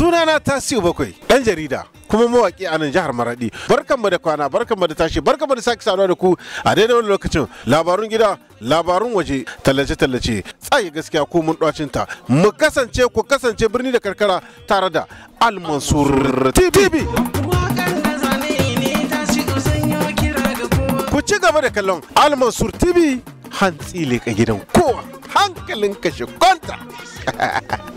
sunana tasiu bakwai dan jarida kuma mawaƙi a nan jihar maradi barkanmu da kwana barkanmu da tashi barkanmu da sake saduwa da ku a daidai wani lokacin labarun gida labarun waje tallace tallace tsaye gaskiya ko mun ta mu kasance ku kasance birni da karkara tare da almansur tv ku ci gaba da kallon almansur tv hantsi leƙa gidan kowa hankalin kashe kwanta